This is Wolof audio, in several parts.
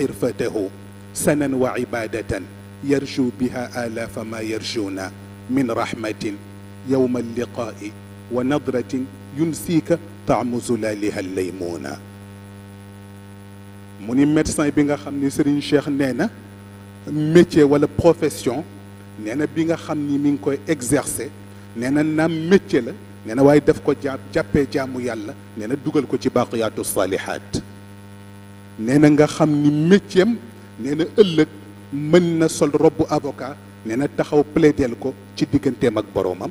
xirfatahu sanan wa ibadatan yarju biha alafa ma yarjuna min rahmatin yowma alliqaai wa nadratin yunsiika taamu zulaaliha laymuuna mu ni médecin bi nga xam ni Serigne Cheikh nee na métier wala profession nee na bi nga xam ni mi ngi koy exercer nee na naam métier la nee na waaye daf ko jàpp jàppee jaamu yàlla nee na dugal ko ci baaqiyaatu saalihaat nee na nga xam ni métier am nee na ëllëg mën na sol robbu avocat nee na taxaw plaidel ko ci digganteem ak boroomam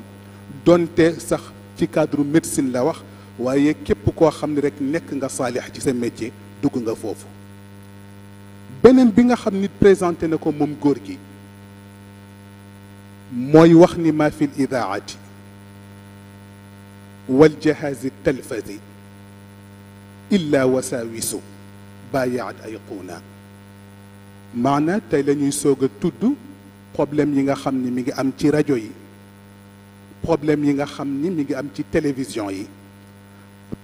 donte sax ci cadre médecine la wax waaye képp koo xam ni rek nekk nga saalix ci sa métier dugg nga foofu beneen bi nga xam ni présenté na ko moom góor gi mooy wax ni ma fi l idaati wal jahazi talfazi illa wasawisu bàyyaat ay quuna maana tey lañuy ñuy soog a tudd problème yi nga xam ni mi ngi am ci rajo yi problème yi nga xam ni mi ngi am ci télévision yi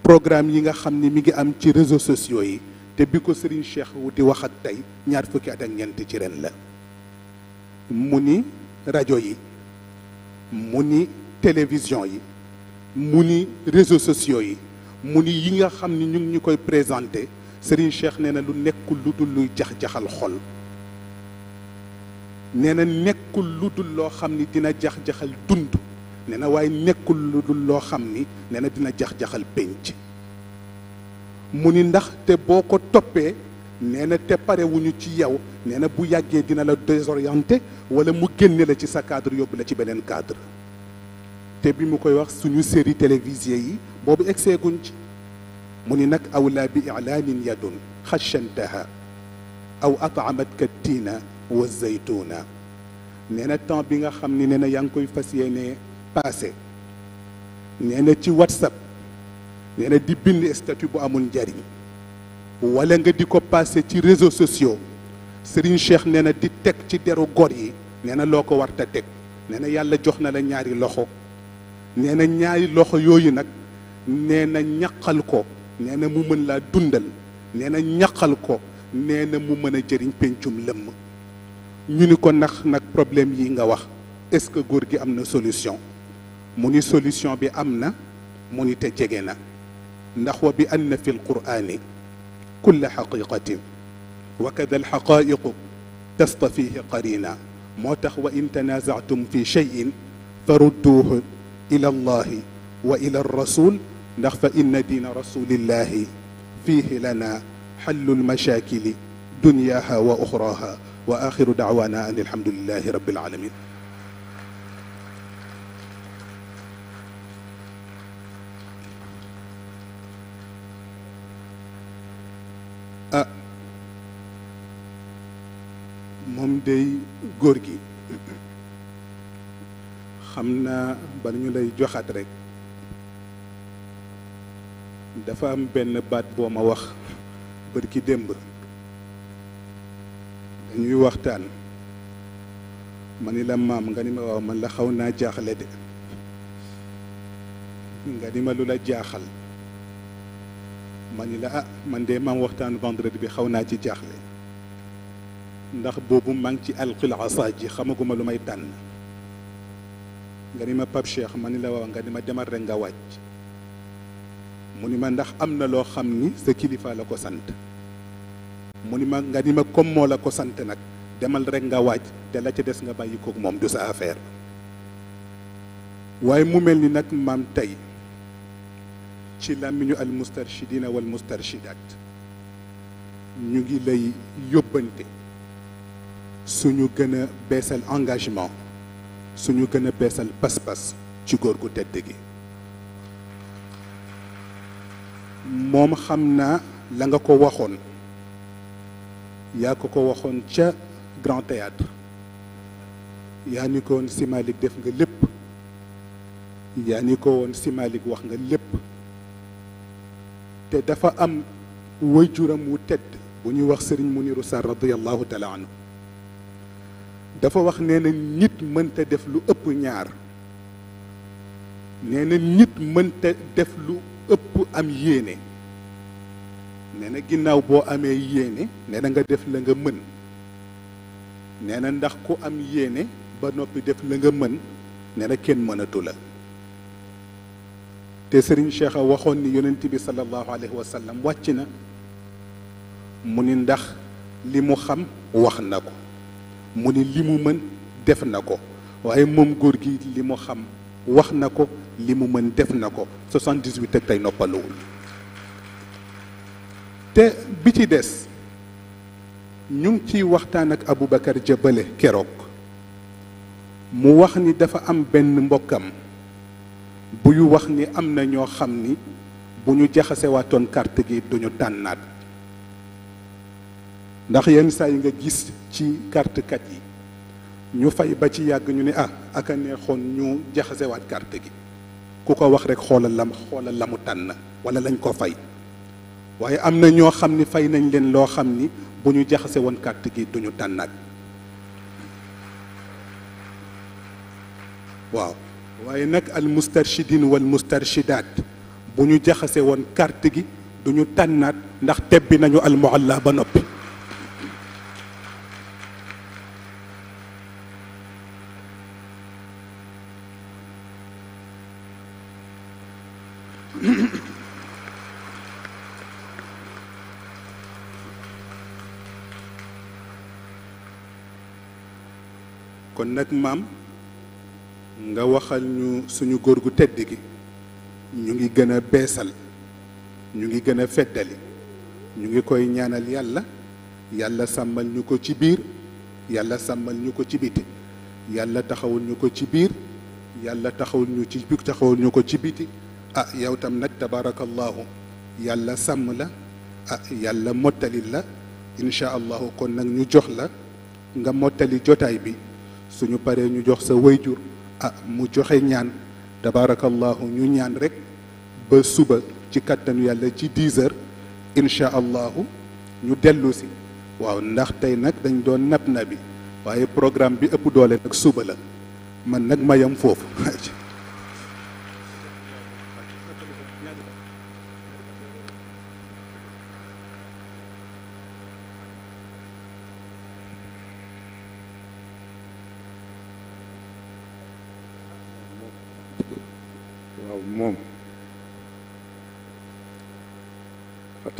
programme yi nga xam ni mi ngi am ci réseaux sociaux yi te bi ko Serigne Cheikh wu di wax ak tey ñaar fukki at ak ñeent ci ren la mu ni rajo yi mu ni télévision yi mu ni réseaux sociaux yi mu ni yi nga xam ni ñu ñu koy présenté Serigne Cheikh nee na lu nekkul lu dul luy jax-jaxal xol nee na nekkul lu dul loo xam ni dina jax-jaxal dund nee na waaye nekkul lu dul loo xam ni nee na dina jax-jaxal pénc mu ni ndax te boo ko toppee nee na te parewuñu ci yow nee na bu yàggee dina la désorienté wala mu génne la ci sa cadre yóbbu la ci beneen cadre te bi mu koy wax suñu série télévisée yi boobu egseeguñ ci mu ni nag awlaa bi ilaamin yadun xachantaha aw ataamatka tiina wa zaytuuna nee na temps bi nga xam ni nee na yaa ngi koy fas yéene passé nee na ci whatsapp nee na di bind statut bu amul njariñ wala nga di ko passé ci réseau sociaux Serigne Cheikh nee na di teg ci deru gor yi nee na loo ko war ta teg nee na yàlla jox na la ñaari loxo nee na ñaari loxo yooyu nag nee na ñaqal ko nee na mu mën laa dundal nee na ñaqal ko nee na mu mën a jëriñ pencum lëmm ñu ni ko nax nag problème yi nga wax est-ce que góor gi am na solution mu ni solution bi am na mu ni te jege na ndax wa bi ann fi lqurani kulla xaqiqatin wa kada alxaqaiqu tastafihi qarina moo tax wa in tanazatum fi cheyin farudduuhu ila allahi wa ila rasul ndax fa inna diina rasulillahi fiihi lana xallul machaakili dunyaha wa oxraha wa axiru daawana an alhamdulilahi rabil alamin ah moom day góor gi xam naa bala ñu lay joxaat rek dafa am benn baat boo ma wax ki démb dañuy waxtaan ma ni la maam nga ni ma waaw man la xaw naa jaaxle de nga ni ma lu la jaaxal ma ni la ah man de maam waxtaan vendredi bi xaw naa ci jaaxle ndax boobu maa ngi ci alqil asa ji xamaguma lu may tànn nga ni ma Pape Cheikh ma ni la waaw nga ni ma demal rek nga wàcc mu ni ma ndax am na loo xam ni sa kilifaa la ko sant mu ni ma nga ni ma comme moo la ko sant nag demal rek nga waaj te la ca des nga bàyyi kook moom du sa affaire waaye mu mel ni nag maam tey ci làmmiñu al mustarshidina wal mustarshidat ñu ngi lay yóbbante suñu gën a beesal engagement suñu gën a beesal pas-pas ci góor gu tedd gi moom xam naa la nga ko waxoon yaa ko ko waxoon ca Grand Théâtre yaa ni ko woon si def nga lépp yaa ni ko woon si wax nga lépp te dafa am waajuram wu tedd bu ñuy wax Serigne Mounirou Sarr radiyallahu taala anhu dafa wax nee na nit mënta def lu ëpp ñaar nee na nit mënta def lu ëpp am yéene nee na ginnaaw boo amee yéene nee na nga def la nga mën nee na ndax ku am yéene ba noppi def la nga mën nee na kenn mënatula te Serigne Cheikh waxoon ni yonent bi sallallahu alayhi wa sallam wàcc na mu ni ndax li mu xam wax na ko mu ni li mu mën def na ko waaye moom góor gi li mu xam wax na ko li mu mën def na ko 78 ak tay noppaluwul te bi ci des ñu ngi ciy waxtaan ak Aboubacar Jabale keroog mu wax ni dafa am benn mbokkam buy wax ni am na ñoo xam ni bu ñu jaxasewaatoon carte gi duñu tànnaat ndax yenn saa yi nga gis ci carte kat yi ñu fay ba ci yàgg ñu ne ah aka neexoon ñu jaxasewaat carte gi ku ko wax rek xoolal lam xoolal la mu tànn wala lañ koo fay waaye am na ñoo xam ni fay nañ leen loo xam ni bu ñu jaxasee woon carte gi duñu tànnaat waaw waaye nag al mustarshidin wal mustarshidaat bu ñu jaxase woon carte gi duñu tànnaat ndax tebbi nañu al mualla ba noppi kon nag maam nga waxal ñu suñu góor gu tedd gi ñu ngi gën a beesal ñu ngi gën a feddali ñu ngi koy ñaanal yàlla yàlla sàmmal ñu ko ci biir yàlla sàmmal ñu ko ci biti yàlla taxawul ñu ko ci biir yàlla taxawul ñu ci biir taxawul ñu ko ci biti ah yow tam nag tabaarakallaahu yàlla sàmm la ah yàlla mottalit la incha allahu kon nag ñu jox la nga mottali jotaay bi suñu paree ñu jox sa wayjur ah mu joxe ñaan tabaarakallaahu ñu ñaan rek ba suba ci kattanu yàlla ci 10 heures incha allahu ñu dellu si waaw ndax tey nag dañ doon nab na bi waaye programme bi ëpp doole nag suba la man nag mayam foofu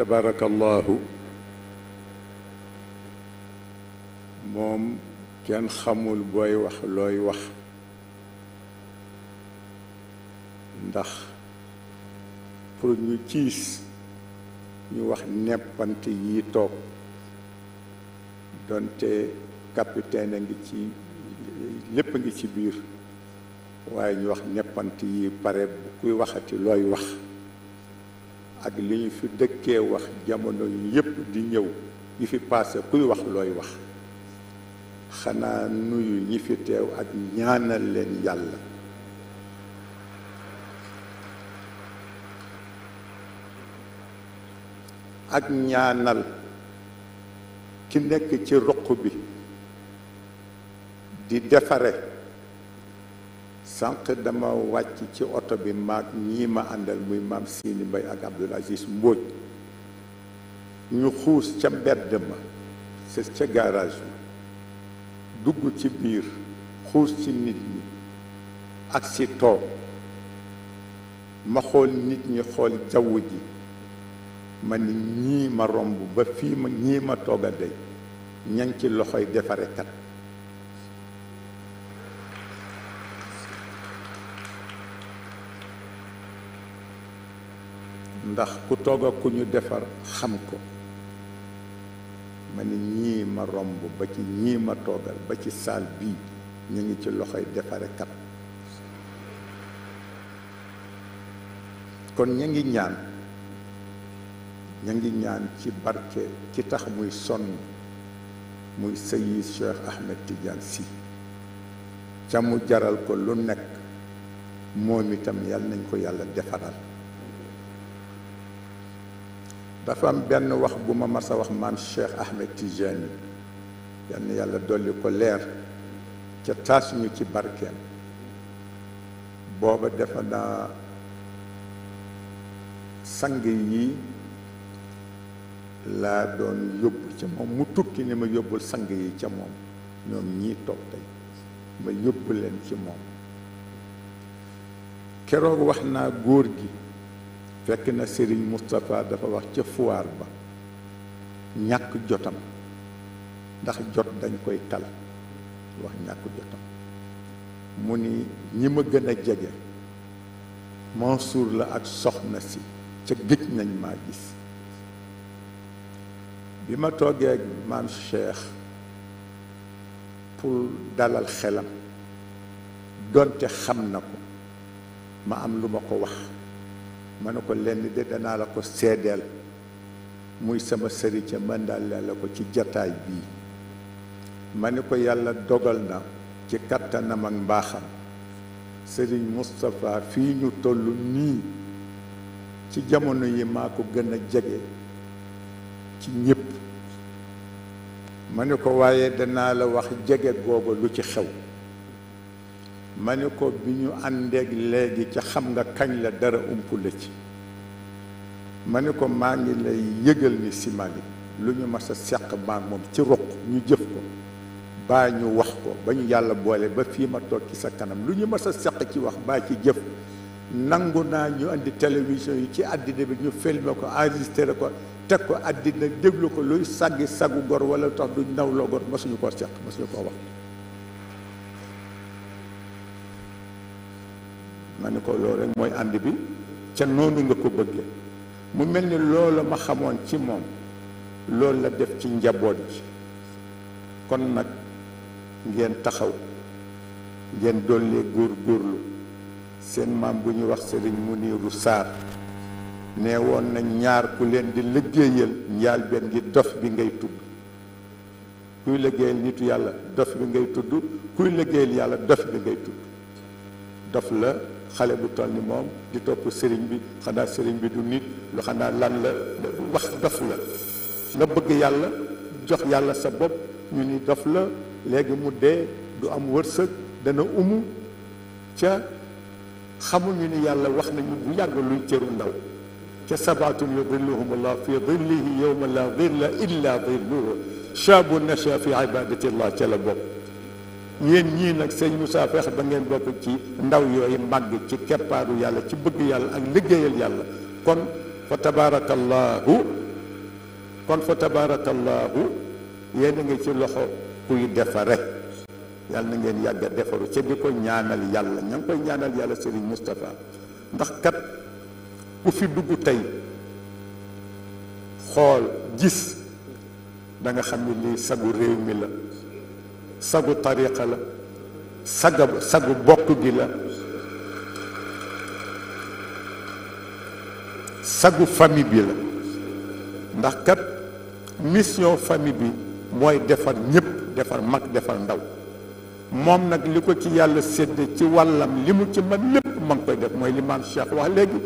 tabaarakallaahu moom kenn xamul booy wax looy wax ndax pour ñu ciis ñu wax neppante yi toog donte capitaine a ngi ci lépp a ngi ci biir waaye ñu wax neppante yi pare bu kuy waxati looy wax ak li ñu fi dëkkee wax jamono yépp di ñëw yi fi passé kuy wax looy wax xanaa nuyu ñi fi teew ak ñaanal leen yàlla ak ñaanal ki nekk ci ruq bi di defare sànq dama wàcc ci oto bi maag ñii ma àndal muy maam Sini Mbay ak Abdoul Aziz Mbóoj ñu xuus ca mbedd ma c'est ca garage ma dugg ci biir xuus ci nit ñi ak si toog ma xool nit ñi xool jaww ji ma ni ñii ma romb ba fii ma ñii ma tooga day ñan ci loxoy defarekat ndax ku toog ku ñu defar xam ko ma ni ñii ma romb ba ci ñii ma toogal ba ci saal bii ñu ngi ci loxoy defarekat kon ñu ngi ñaan ñu ngi ñaan ci barke ci tax muy sonn muy sëyi Cheikh Ahmed Tidiane si ca mu jaral ko lu nekk moom itam yàlla nañ ko yàlla defaral dafa benn wax bu ma mas a wax maam Cheikh Ahmed Tidiane yenn yàlla dolli ko leer ca taas ñu ci barkeem booba defa naa sang yi laa doon yóbbu ca moom mu tukki ni ma yóbbul sang yi ca moom ñoom ñii toog tey ma yóbbu ci moom keroog wax naa góor gi fekk na Sëriñ Moustapha dafa wax ca foire ba ñàkk jotam ndax jot dañ koy tal wax ñàkk jotam mu ni ñi ma gën a jege Mansour la ak soxna si ca géej nañ maa gis bi ma toogee ak maam Cheikh pour dalal xelam donte xam na ko ma am lu ma ko wax ma ne ko lenn de danaa la ko seedeel muy sama sëriñ ca man daal la ko ci jataay bii ma ne ko yàlla dogal na ci kattanam ak mbaaxam sëriñ Moustapha fii ñu toll nii ci jamono yi maa ko gën a jege ci ñépp ma ne ko waaye danaa la wax jege googu lu ci xew ma ne ko bi ñu àndeeg léegi ca xam nga kañ la dara umpule ci ma ne ko maa ngi lay yëgal ni si Malick lu ñu mas a seq maag moom ci ruq ñu jëf ko baa ñu wax ko ba ñu yàlla boole ba fii ma toog ci sa kanam lu ñu mas a seq ci wax baa ci jëf nangu naa ñu indi télévision yi ci àddina bi ñu filmé ko enregistré ko teg ko àddina déglu ko luy saggi sagu gor wala tax duñ nawloo gor masuñu koo seq masuñu koo wax ma ni ko loolu rek mooy ànd bi ca noonu nga ko bëgge mu mel ni loolu ma xamoon ci moom loolu la def ci njaboot ji kon nag ngeen taxaw ngeen dollee góor góorlu seen maam bu ñu wax sëriñ Muniru Saar nee woon na ñaar ku leen di liggéeyal njaal benn ngi dof bi ngay tudd kuy liggéeyal nitu yàlla dof bi ngay tudd kuy liggéeyal yàlla dof bi ngay tudd dof la xale bu toll ni moom di topp sëriñ bi xanaa sëriñ bi du nit lu xanaa lan la wax dof la na bëgg yàlla jox yàlla sa bopp ñu ni dof la léegi mu dee du am wërsëg dana umu ca ñu ni yàlla wax nañu bu yàgg luy cëru ndaw ca sabaatun yudilluhum allah fi dillihi yowma la dilla illa dilluhu chaabu nasha fi ibadati allah ca la bopp yéen ñii nag sëñ Moussa fexe ba ngeen bokk ci ndaw yooyu màgg ci keppaaru yàlla ci bëgg yàlla ak liggéeyal yàlla kon fa tabaarakallaahu kon fa tabaarakallaahu yéen ngi ci loxo kuy defare yàlla na ngeen yàgg a defaru ca di ko ñaanal yàlla ña koy ñaanal yàlla sëriñ Moustapha ndax kat ku fi dugg tey xool gis danga xam ne lii sagu réew mi la sagu tariqa la saga sagu bokk gi la sagu famille bi la ndax kat mission famille bi mooy defar ñëpp defar mag defar ndaw moom nag li ko ci yàlla sédd ci wàllam li mu ci man lépp man ngi koy def mooy li maam Cheikh wax léegi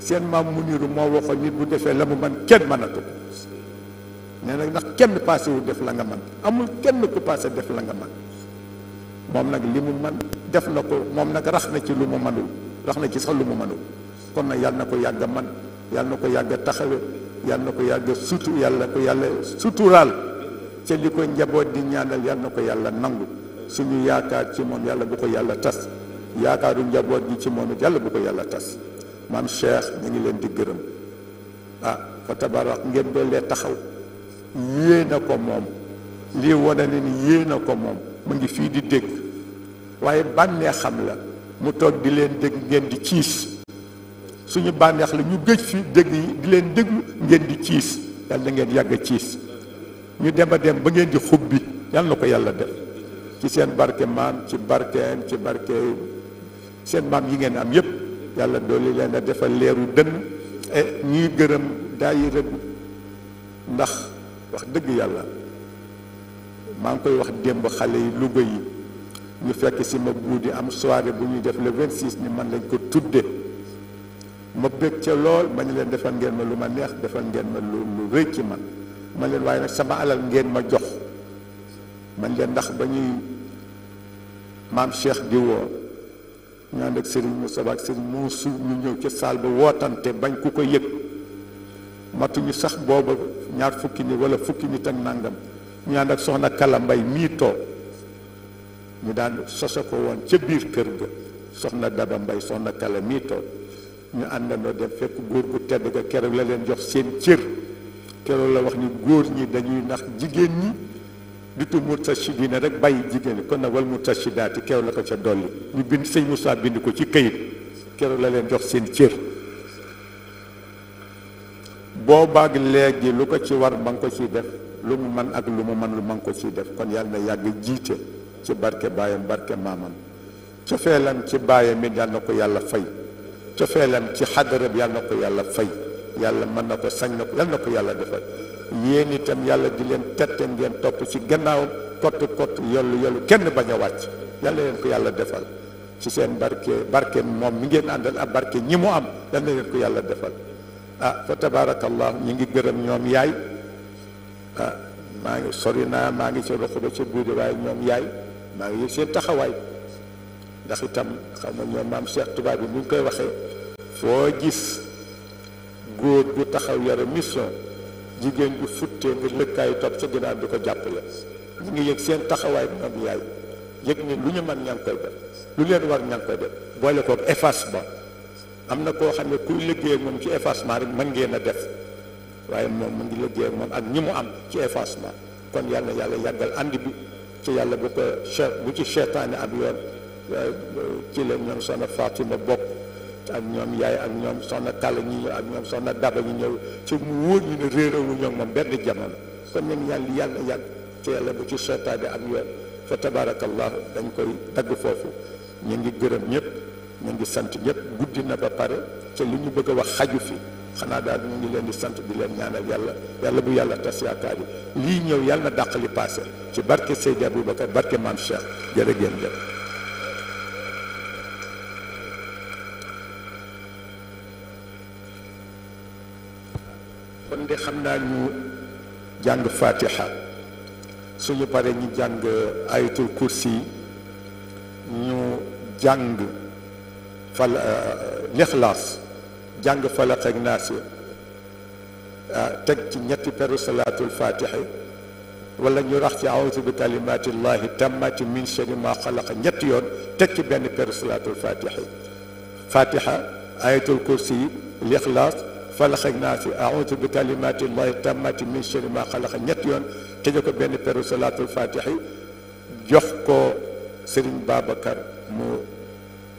seen maam Muniru moo waxoon nit bu defee la mu mën kenn mënatu ko nee nag ndax kenn passé def la nga man amul kenn ku passé def la nga man moom nag li mu man def na ko moom nag rax na ci lu mu manul rax na ci sax lu mu manul kon nag yàlla na ko yàgg a man yàlla na ko yàgg a taxawe yàlla na yàgg a sutu yàlla ko yàlla suturaal ca li ko njaboot di ñaanal yàlla na ko yàlla nangu suñu yaakaar ci moom yàlla bu ko yàlla tas yaakaaru njaboot gi ci moom it yàlla bu ko yàlla tas maam Cheikh ñu ngi leen di gërëm ah fa tabarak ngeen doolee taxaw yéen a ko moom li wane ne ni yéen a ko moom mu ngi fii di dégg waaye bànneex la mu toog di leen dégg ngeen di ciis suñu bànneex la ñu gëj fi dégg yi di leen déglu ngeen di ciis yàlla ngeen yàgg ciis ñu dem a dem ba ngeen di xub bi yàlla na ko yàlla def ci seen barke maam ci barkeem ci barke seen maam yi ngeen am yépp yàlla doole leen a defal leeru dënn e ñuy gërëm daayira bi ndax wax dëgg yàlla maa ngi koy wax démb xale yi Louga yi ñu fekk si ma di am soirée bu ñuy def le 26 ni man lañ ko tudde ma bëgg ca lool ma leen defal ngeen ma lu ma neex defal ngeen ma lu lu rëy ci man man leen waaye nag sama alal ngeen ma jox mañ leen ndax ba ñuy maam Cheikh di woo ñu ànd ak Serigne Moussa ak Serigne Moussou ñu ñëw ca saal ba wootante bañ ku ko yëg. matuñu sax booba ñaar fukki nit wala fukki nit ak nangam ñu ànd ak soxna Kala Mbay mii toog ñu daan soso ko woon ca biir kër ga soxna Daba Mbay soxna Kala mii toog ñu àndandoo dem fekk góor gu tedd ga keroog la leen jox seen cër keroog la wax ni góor ñi dañuy nax jigéen ñi ditu murtashidiina rek bàyyi jigéen ñi kon nag wal mursashidaati keroog la ko ca dolli ñu bind sëñ Moussa bind ko ci këyit keroog la leen jox seen cër boo boobaag léegi lu ko ci war ma ko ciy def lu mu man ak lu mu manul lu ngi ko ciy def kon yàlla na yàgg jiite ci barke baayam barke maamam cofeelam ci baayam it yàlla na ko yàlla fay cofeelam ci xadara bi yàlla yàlla fay yàlla mën na ko sañ na ko yàlla ko yàlla defal yéen itam yàlla di leen tette ngeen topp ci gannaaw kott kott yollu yollu kenn bañ a wàcc yàlla leen ko yàlla defal ci seen barke barke moom mu ngeen àndal ak barke ñi mu am yàlla leen ko yàlla defal ah fa tabarakallah ñu ngi gërëm ñoom yaay ah maa ngi sori naa maa ngi ci ruq ba ci ñoom yaay maa ngi yëg seen taxawaay ndax itam xam nga ñoom maam Cheikh tubaab bi ñu koy waxee foo gis góor gu taxaw yore mission jigéen gu futtee nga lëkkaayu topp sa ginnaaw di ko jàppale ñu ngi yëg seen taxawaay ñoom yaay yëg ni lu ñu mën ña koy def lu leen war ña ngi koy def boole koog effacement am na koo xam ne kuy liggéey ak moom ci effacement rek mën ngeen a def waaye moom mu ngi liggéey ak moom ak ñi mu am ci effacement kon yàlla yàlla yàggal ànd bi ci yàlla bu ko bu ci seetaane ab yoon euh, la ñoom soxna Fatima bokk ak yaay ak ñoom soxna Kalla ñi ñëw ak ñoom soxna ci mu ñu ne réeréwu ñoom moom benn jamono kon ñu ngi ñaan yàgg ci yàlla bu ci seetaane ab yoon fa tabaarakallahu dañ koy dagg foofu ñu ngi gërëm ñëpp. ñu ngi sant ñëpp guddi na ba pare te lu ñu bëgg a wax xaju fi xanaa daal ñu ngi leen di sant di leen ñaanal yàlla yàlla bu yàlla tas yaakaar yi lii ñëw yàlla na dàq paase ci barke Seydi Aboubacar barke Maam Cheikh jërë ngeen kon de xam naa ñu jàng fatiha suñu paree ñu jàng ayatul kursi ñu jàng fal euh, lixlaas jàng falaq ak naas ah, teg ci ñetti peru salaatul fatiha wala ñu rax ci awuzu bi kalimatillahi tammati min ñetti yoon teg ci benn peru salaatul fatiha fatiha ayatul kursi yi lixlaas falaq ak naas awuzu bi kalimatillahi tammati min sharri ma xalaqa ñetti yoon tëje ko benn peru salaatul fatiha jox ko Serigne Babacar mu.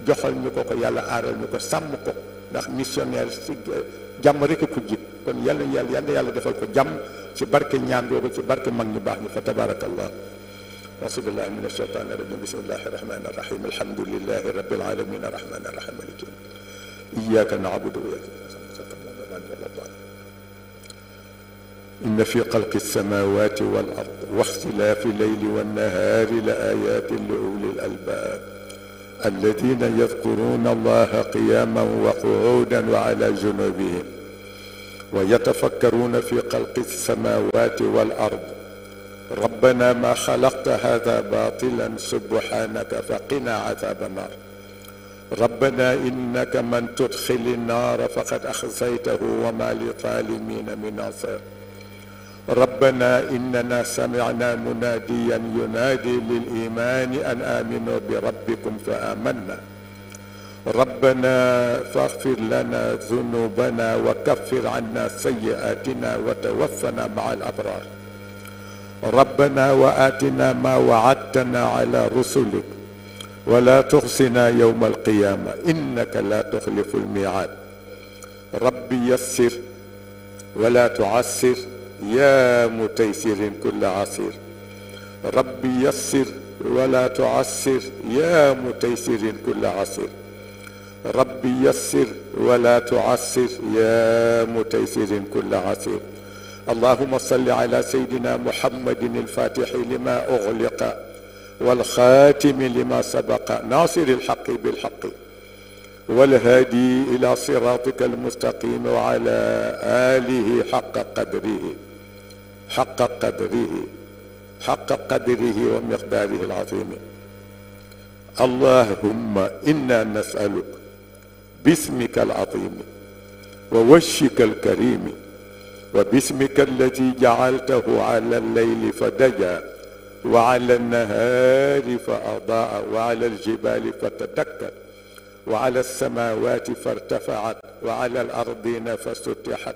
joxal ñu ko ko yàlla aaral ñu ko sàmm ko ndax missionnaire si eh, jàmm rek a ko jib kon yàlla yàlla yàlla yàlla defal ko jàmm ci barke ñaan boobu ci barke mag ñu baax ñu fa tabarakallah asubillahi min asheytani irajim bismillahi irrahmani irrahim alhamdulilahi rabbil alamin arrahmani irrahim maliki iyaka naabudu wa iyaka إن في خلق السماوات والأرض واختلاف الليل والنهار لآيات لأولي الألباب الذين يذكرون الله قياما وقعودا وعلى جنوبهم ويتفكرون في خلق السماوات والارض ربنا ما خلقت هذا باطلا سبحانك فقنا عذاب النار ربنا انك من تدخل النار فقد اخزيته وما للظالمين من ناصر ربنا إننا سمعنا مناديا ينادي للإيمان أن آمنوا بربكم فآمنا ربنا فاغفر لنا ذنوبنا وكفر عنا سيئاتنا وتوفنا مع الأبرار ربنا وآتنا ما وعدتنا على رسلك ولا تخزنا يوم القيامة إنك لا تخلف الميعاد رب يسر ولا تعسر يا متيسر كل عسير ربي يسر ولا تعسر يا متيسر كل عسير ربي يسر ولا تعسر يا متيسر كل عسير اللهم صل على سيدنا محمد الفاتح لما أغلق والخاتم لما سبق ناصر الحق بالحق والهادي إلى صراطك المستقيم وعلى آله حق قدره حق قدره حق قدره ومقداره العظيم اللهم إنا نسألك باسمك العظيم ووشك الكريم وباسمك الذي جعلته على الليل فدجا وعلى النهار فأضاء وعلى الجبال فتدكت وعلى السماوات فارتفعت وعلى الأرض فستحت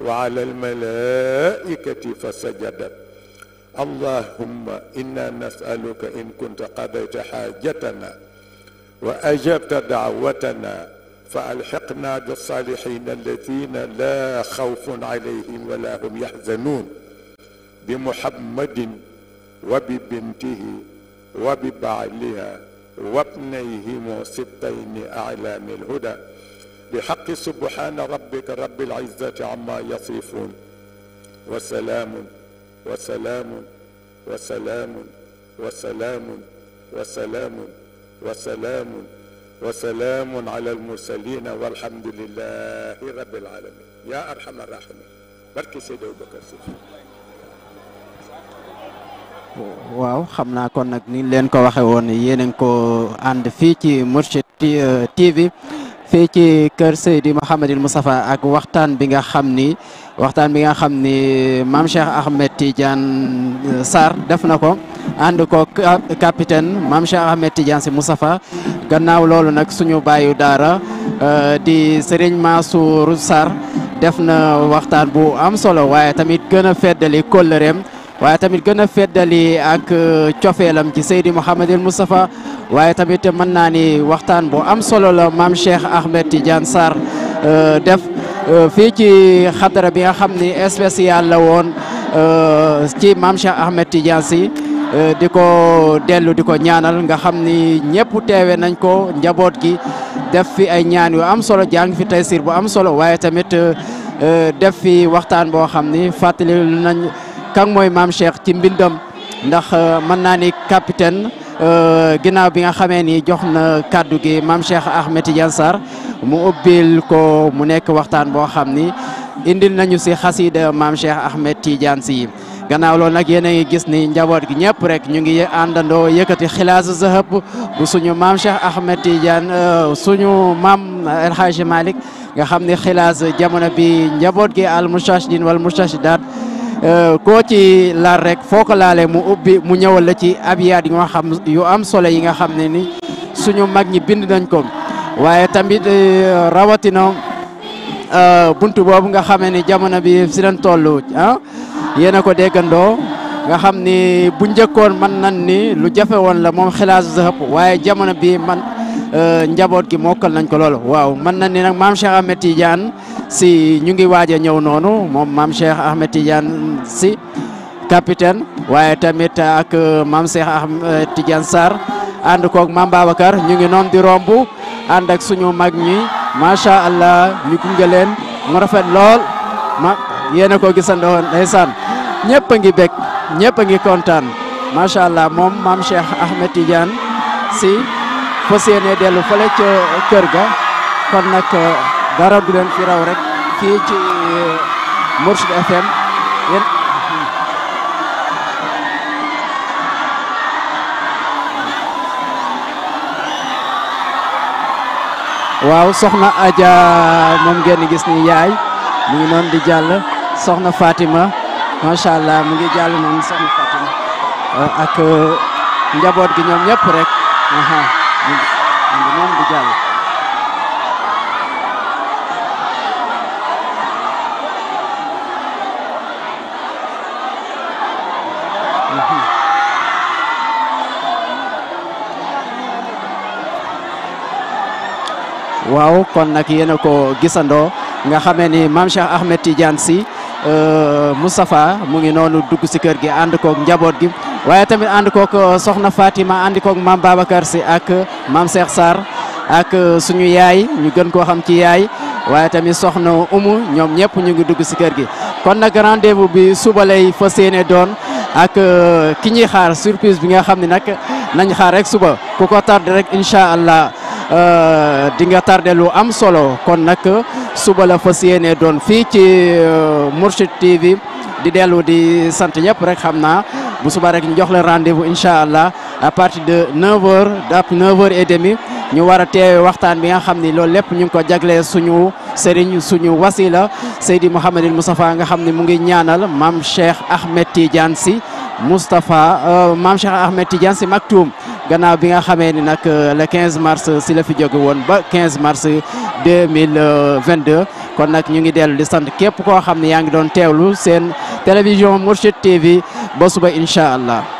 وعلى الملائكة فسجدت اللهم إنا نسألك إن كنت قضيت حاجتنا وأجبت دعوتنا فألحقنا بالصالحين الذين لا خوف عليهم ولا هم يحزنون بمحمد وببنته وببعلها وابنيهم ستين أعلام الهدى بحق سبحان ربك رب العزة عما يصفون وسلام وسلام وسلام وسلام وسلام وسلام وسلام على المرسلين والحمد لله رب العالمين يا أرحم الراحمين barke Seydi Ababacar Sy waaw xam naa kon nag ni leen ko waxe woon yéen a ngi ko ànd fii ci Mourchid TV fii ci kër Seydi Mouhamadil Moustapha ak waxtaan bi nga xam ni waxtaan bi nga xam ni maam Cheikh Ahmed Tidiane euh, Sarr def na ko ànd ko capitaine maam Cheikh Ahmed Tidiane si Moustapha gannaaw loolu nag suñu bàyyu daara euh, di Serigne Mansour Sarr def na waxtaan bu am solo waaye tamit gën a feddali kóllëreem waaye tamit gën a feddali ak euh, cofeelam ci Seydi Mouhamadul Moustapha waaye tamit mën naa ni waxtaan bu am solo la maam Cheikh Ahmed Tidiane Sarr euh, def euh, fii ci xadara bi nga xam ni spécial la woon ci maam Cheikh Ahmed Tidiane si di ko dellu di ko ñaanal nga xam ni ñëpp teewe nañ ko njaboot gi def fi ay ñaan yu am solo jàng fi taysir bu am solo waaye tamit def fi waxtaan boo xam ni fàttali nañ. kan mooy maam Cheikh ci mbindam ndax euh, mën naa ni capitaine euh, ginnaaw bi nga xamee ni jox na kàddu gi maam Cheikh Ahmed Tidiane Sarr mu ubbil ko mu nekk waxtaan boo xam ni indil nañu si xasida maam Cheikh Ahmed Tidiane si gannaaw loolu nag yéen a gis ni njaboot gi ñëpp rek ñu ngi àndandoo yëkkati xilaasu zahab suñu maam Cheikh Ahmed Tidiane euh, suñu maam El Hadji nga xam ni xilaas jamono bi njaboot gi al mustachidin wal mustachidaat Euh, koo ci laal rek foo ko laalee mu ubbi mu ñëwal la ci abiyaat yu nga xam yu am solo yi nga xam ne ni suñu mag ñi bind nañ ko waaye tamit euh, rawatina euh, buntu boobu nga xamee ni jamono bi si leen toll ah a ko déggandoo nga xam ni bu njëkkoon man nan ni lu jafe la moom xilaasu zahab waaye jamono bi man njaboot ki mokkal nañ ko lool waaw man nan ni nag maam Cheikh Ahmed Tidiane si ñu ngi waaj a ñëw noonu moom maam Cheikh Ahmed Tidiane si capitaine waaye tamit ak euh, maam Cheikh Ahmed Tidiane Sarr ànd maam Babacar ñu ngi noon di romb ànd ak suñu mag ñi macha allah ñu gunge mu rafet lool ma yéen a ko gisandoo ndeysaan ñëpp a ngi bég ñëpp a ngi kontaan macha allah moom maam Cheikh Ahmed Tidiane si fas yéene dellu fële ca kër ga kon nag. Euh, dara du leen fi raw rek fii ci eh, Mourchid FM waaw soxna Adja moom ngeen gis ni yaay mu ngi noonu di jàll soxna Fatima macha allah mu ngi jàll noonu soxna Fatima eh, ak eh, njaboot gi ñoom ñëpp rek aha mu ngi noonu di jàll waaw kon nag yéen a ko gisandoo nga xamee ni maam Cheikh Ahmed Tidiane si euh, Moustapha mu ngi noonu dugg si kër gi ànd koog njaboot gi waaye tamit ànd kook euh, soxna Fatima ànd koog maam Babacar si ak maam Cheikh Sarr ak euh, suñu yaay ñu gën koo xam ci yaay waaye tamit soxna Umu ñoom ñëpp ñu ngi dugg si kër gi. kon nag rendez bi suba lay fa yéene doon ak ki ñuy xaar surprise bi nga xam ni nag nañ xaar rek suba ku ko tardé rek incha allah. Euh, di nga tardé lu am solo kon nag suba la fas yéene doon fii ci euh, Mourchid TV di dellu di sant ñëpp rek xam naa bu suba rek ñu jox leen rendez-vous incha allah à partir de 9h dàpp 9h30 ñu war a teewe waxtaan bi nga xam ni loolu lépp ñu ngi ko jaglee suñu sëriñ suñu wasila Seydi Mouhamadil Moustapha nga xam ne mu ngi ñaanal maam Cheikh Ahmed Tidiane si Moustapha euh, maam Cheikh Ahmed Tidiane si Maktoum. gannaaw bi nga xamee ni nag euh, la 15 mars euh, si la fi jóge woon ba 15 mars 2022 euh, kon nag ñu ngi dellu di sant képp koo xam ne yaa ngi doon teewlu seen télévision Mourchid TV ba suba incha allah